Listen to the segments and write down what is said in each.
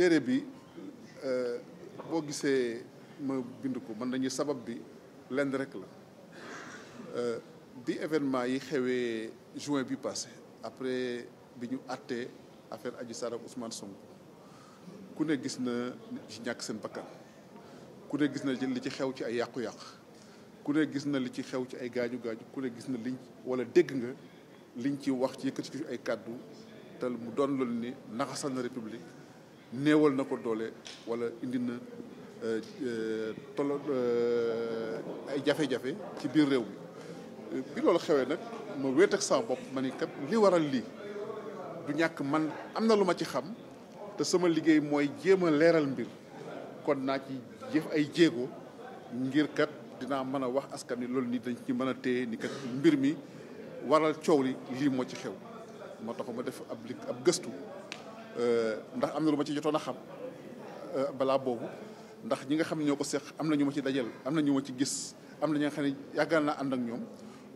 téere bi euh, boo gisee ma bind ko mën nañu sabab bi lenn rek la euh, bi événement yi xewee juin bi passé après bi ñu àttee affaire Adji Sarr ak Ousmane ku ne gis na ci ñàkk seen bakkan ku ne gis na li ci xew ci ay yàqu-yàq ku ne gis na li ci xew ci ay gaañu gaañu ku ne gis na liñ wala dégg nga liñ ci wax ci yëkkati ci ay kàddu te mu doon loolu ni naxasal na république néewal na ko doole wala indi na euh, tolo euh, ay jafe-jafe ci biir réew mi euh, bi loolu xewee nag ma wéet ak bopp ma ni kat li waral lii du ñàkk man am na lu ma ci xam te sama liggéey mooy jéem a leeral mbir kon naa ci jëf ay jéego ngir kat dinaa mën a wax askan ni loolu nii dañ ci mën a téye ni kat mbir mi waral coow li lii moo ci xew moo tax ma def ab ab gëstu Euh, ndax am na lu ma ci jotoon a xam euh, balaa boobu ndax ñi nga xam ne ñoo ko seq am na ñu ma ci dajal am na ñu ma ci gis am na ñi nga xam ne yàggal naa ànd ak ñoom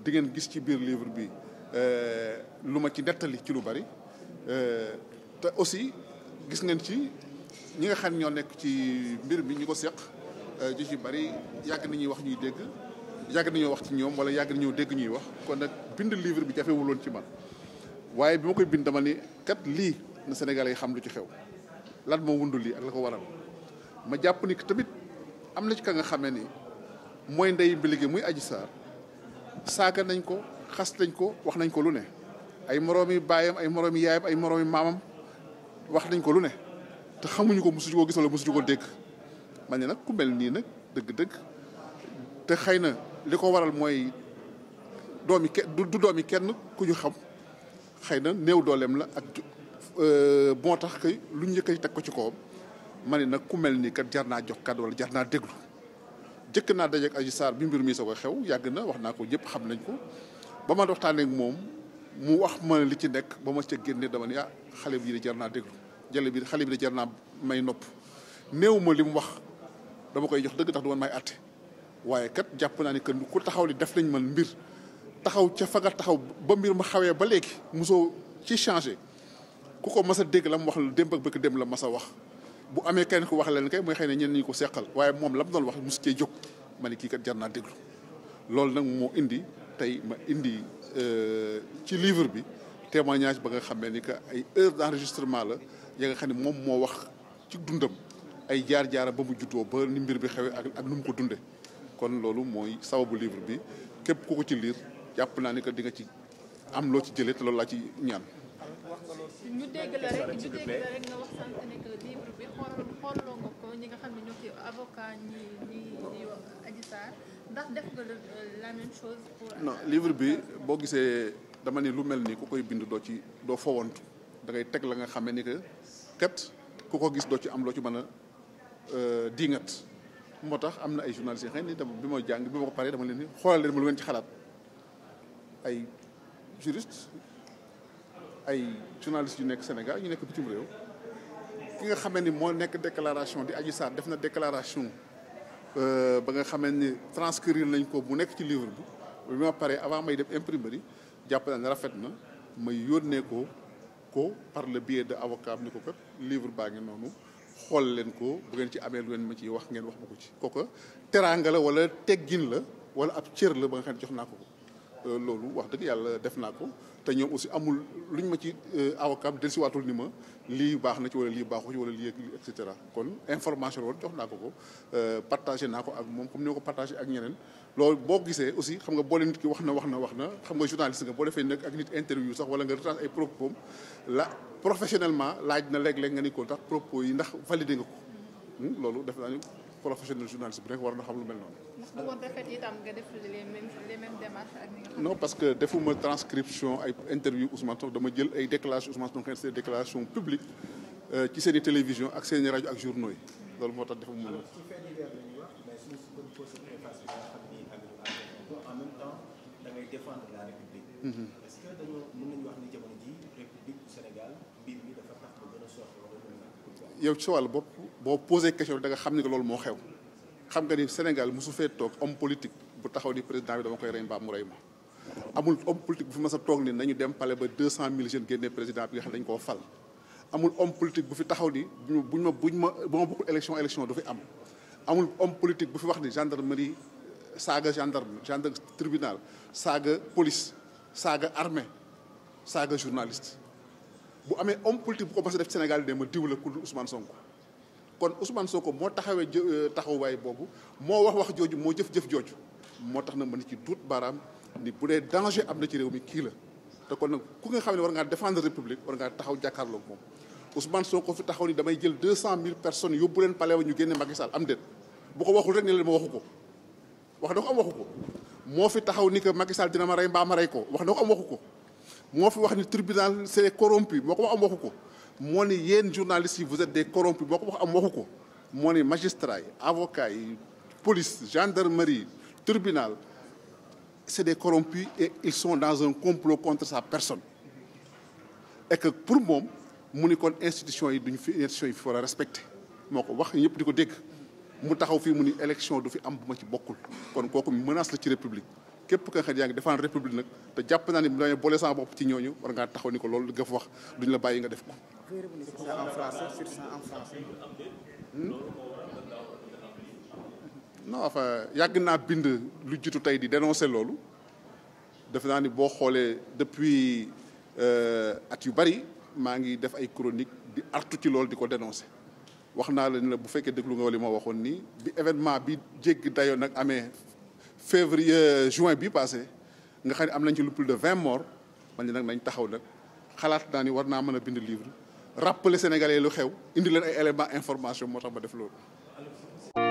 di gis ci biir livre bi euh, lu ma ci nettali ci lu bari te aussi gis ngeen ci ñi nga xam ñoo nekk ci mbir bi ñu ko seq ju ci bari yàgg nañuy wax ñuy dégg yàgg nañoo wax ci ñoom wala yàgg nañoo dégg ñuy wax kon nag bind livre bi jafewuloon ci man waaye bi ma koy bind dama ni kat lii na Sénégalais yi xam lu ci xew lan moo wundu lii ak la ko waral ma jàpp ni tamit am na ci ka nga xamee ni mooy ndey bi liggéey muy aji Sarr saaga nañ ko xas nañ ko wax nañ ko lu ne ay moroomi baayam ay moroomi yaayam ay moroomi maamam wax nañ ko lu ne te xamuñu ko mosuñu ko gis wala mosuñu ko dégg ma ne nag ku mel nii nag dëgg-dëgg te xëy na li ko waral mooy doomi kenn du doomi kenn ku ñu xam xëy na néew dooleem la ak boo euh, tax kay lu ñu yëkkati teg ko ci kawam ma ne nag ku mel ni kat jar naa jox kàddu wala jar naa déglu jëkk naa dajeek Adji Sarr bi mbir mi soo ko xew yàgg na wax naa ko yëpp xam nañ ko ba ma waxtaanee ak moom mu wax ma li ci nekk ba ma ca génne dama ah xale bi de jar naa déglu jële bi xale bi de jar naa may nopp néew ma li mu wax dama koy jox dëgg tax du man may àtte waaye kat jàpp naa ne que ku taxaw li def nañ man mbir taxaw ca fa nga taxaw ba mbir ma xawee ba léegi mosoo ci changé ku ko mas a dégg la mu wax démb ak bëgg dem la mas a wax bu amee kenn ko wax leen kay mooy xëy ne ñenn ñi ko seqal waaye moom la mu doon wax mos cee jóg ma ne kii kat jar naa déglu loolu nag moo indi tey ma indi euh, ci livre bi témoignage ba nga xamee ni que ay heure d'enregistrement la ya nga xam ne moom moo wax ci dundam ay jaar-jaara ba mu juddoo ba ni mbir bi xewee ak ak nu mu ko dundee kon loolu mooy sababu livre bi képp ku ko ci liir jàpp naa ni que di nga ci am loo ci jëlee loolu laa ci ñaan. ñu dégg la rek nga wax sant ne livre bi xool xooloo nga ko ñi nga xam ne ñoo ci avocat ñi ñi di wax ndax def nga la boo gisee dama ni lu mel ni ku koy bind doo ci doo fowantu da teg la nga xamee ni que ku ko gis doo ci am loo ci mën a euh, diingat moo tax am na ay journalistes yi xëy dama bi ma jàng bi ma ko paree dama leen ni xoolal leen ma lu ngeen ci xalaat ay juriste ay journalistes yu nekk Sénégal yu nekk bitim réew ki nga xamee ni moo nekk déclaration di Adji Sarr def na déclaration euh, ba nga xamee ni transcrire nañ ko bu nekk ci livre bi bi ma paree avant may dem imprimerie jàpp naa ne rafet na may yónnee ko ko par le bier de avocat ni ko kat livre baa ngi noonu xool leen ko bu ngeen ci amee lu ngeen ma ci wax ngeen wax ma ko ci kooka teraanga la wala teggin la wala ab cër la ba nga xam ne jox naa ko ko Euh, loolu wax dëgg yàlla def naa ko te ñoom aussi amul luñ ma ci euh, avocat bi dellusiwaatul ni ma lii baax na ci wala lii baaxu ci wala lii et kon information la jox naa ko ko euh, partagé naa ko ak moom comme ni ko partagé ak ñeneen lool boo gisee aussi xam nga boole nit ki wax na wax na wax na xam nga journaliste nga boo defee nag ak nit interview sax wala nga retrace ay propos la professionnellement laaj na léeg-léeg nga ni ko tax propos yi ndax validé nga ko hmm? loolu def naa ni professionnel journaliste bi rek war na xam lu mel noonu. itam parce que defuma transcription ay interview Ousmane Sonko dama jël ay déclaration Ousmane Sonko ay déclaration publique euh, ci seeni télévision ak seeni rajo ak journaux loolu moo tax defuma loolu. nañu wax ni jamono ji république Sénégal yow ci sa bopp boo pose question da nga xam ne que loolu moo xew. xam nga ni Sénégal mosu fee toog homme politique bu taxaw ni président bi dama koy rey mbaa mu rey ma amul homme politique bu fi mas a toog ni nañu dem palais ba deux cent mille jeunes génnee président bi nga xam ne dañu koo fal amul homme politique bu fi taxaw ni buñ ma buñ ma bu ma bokkul élection élection du fi am amul homme politique bu fi wax ni gendarmerie saaga gendarme gendarme tribunal saaga police saaga armée saaga journaliste bu amee homme politique bu ko mas a def Sénégal yi ne ma diw la ku dul Sonko kon Ousmane Sonko moo taxawee euh, taxawaay boobu moo wax wax jooju moo jëf-jëf jooju moo tax na mën ci duut baaraam ni bu dee danger am na ci réew mi kii la te kon nag ku nga xam ne war ngaa défendre république war ngaa taxaw jàkkaarloog moom Ousmane ko fi taxaw ni damay jël deux cent mille personnes yóbbu leen palais wa ñu génne Macky Sall am déet bu ko waxul rek ne leen ma waxu ko wax na ko am waxu ko moo fi taxaw ni que magisaal dina ma rey mbaa ma rey ko wax na ko ko moo fi wax ni tribunal c'est corrompu moo ko wax am ko moo ni yéen journalistes yi vous êtes des corrompus boo ko wax am waxu ko moo ni magistrats yi avocats yi police gendarmerie tribunal c'est des corrompus et ils sont dans un complot contre sa personne et que pour moom mu ni kon institution yi duñ fi institution yi fi war a respecté moo ko wax ñëpp di ko dégg mu taxaw fii mu ni élection du fi am bu ma ci bokkul kon kooku menace la ci république képp ka nga xam yaa ngi défendre république nag te jàpp naa ni bu ñu boole sama bopp ci ñooñu war ngaa taxaw ni ko loolu nga fa wax duñ la bàyyi nga def ko. non enfin yàgg naa bind lu jitu tey di dénoncer loolu def naa ni boo xoolee depuis euh, at yu bari maa ngi def ay chronique di artu ci loolu di ko dénoncer. wax naa la ni la bu fekkee déglu nga li ma waxoon nii bi événement bi jéggi dayoo nag amee février juin bi passé nga xam ne am nañ ci lu plus de vingt morts man nag nañ taxaw nag xalaat naa ni war naa mën a bind livre rappeler sénégalais lu xew indi leen ay éléments information moo tax ma def loolu.